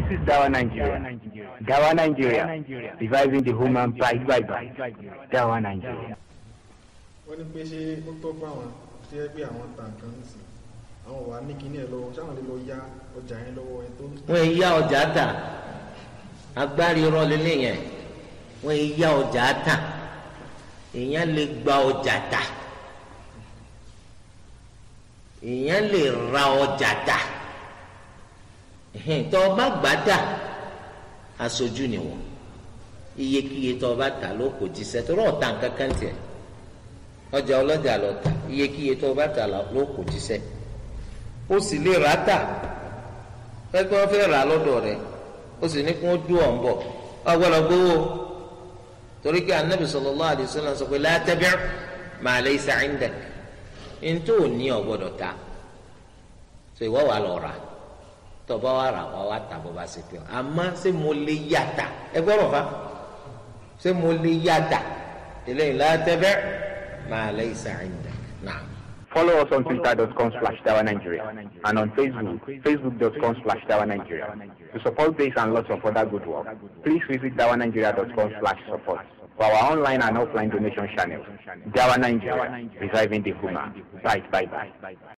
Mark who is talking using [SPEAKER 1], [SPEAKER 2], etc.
[SPEAKER 1] This is Dawa Nigeria. Dawa Nigeria. Reviving the human pride by Dawa Nigeria.
[SPEAKER 2] wọ́n ní pé ṣé ó tọ́ bá wọn tí ẹ pé àwọn ta nǹkan nìsín àwọn wà ní kinní ẹ lọ́wọ́ ṣáwọn lè lọ ya ọjà yẹn lọ́wọ́ ẹ tó.
[SPEAKER 3] wọ́n ń ya ọjà tà agbárí rọlẹ́lẹ́ yẹn wọ́n ń ya ọjà tà èèyàn lè gba ọjà tà èèyàn lè ra ọjà tà. tọ́ ọ bá gbà dà aṣojú ni wọ́n iyekíye tọ́ bá tà ló kò jíṣẹ́ tó rọ̀ tiẹ̀ ọjà ọlọ́jà lọ tà iyekíye tọ́ bá tà ló kò jíṣẹ́ ó sì lè rà tà pẹ́pẹ́ wọ́n fẹ́ rà lọ́dọ̀ rẹ̀ ó sì ní o dú ọ̀ ń bọ̀ gbowó torí anabi sallallahu alaihi sọ pé ní ta wà rà tọba wa rà wá wá tà bó ba se pé ọ se ṣé mo lè yàtà ẹ gbọ́dọ̀ fa ṣé mo lè yàtà eléyìí látẹ́bẹ́ máa lẹ́yìn sàrìndà
[SPEAKER 4] náà. Follow us on twitter.com slash Dawa Nigeria and on Facebook, facebook.com slash Dawa Nigeria. To support this and lots of other good work, please visit dawanigeria.com slash support for our online and offline donation channels. Dawa Nigeria,
[SPEAKER 1] reviving the Huma. Bye, bye, bye.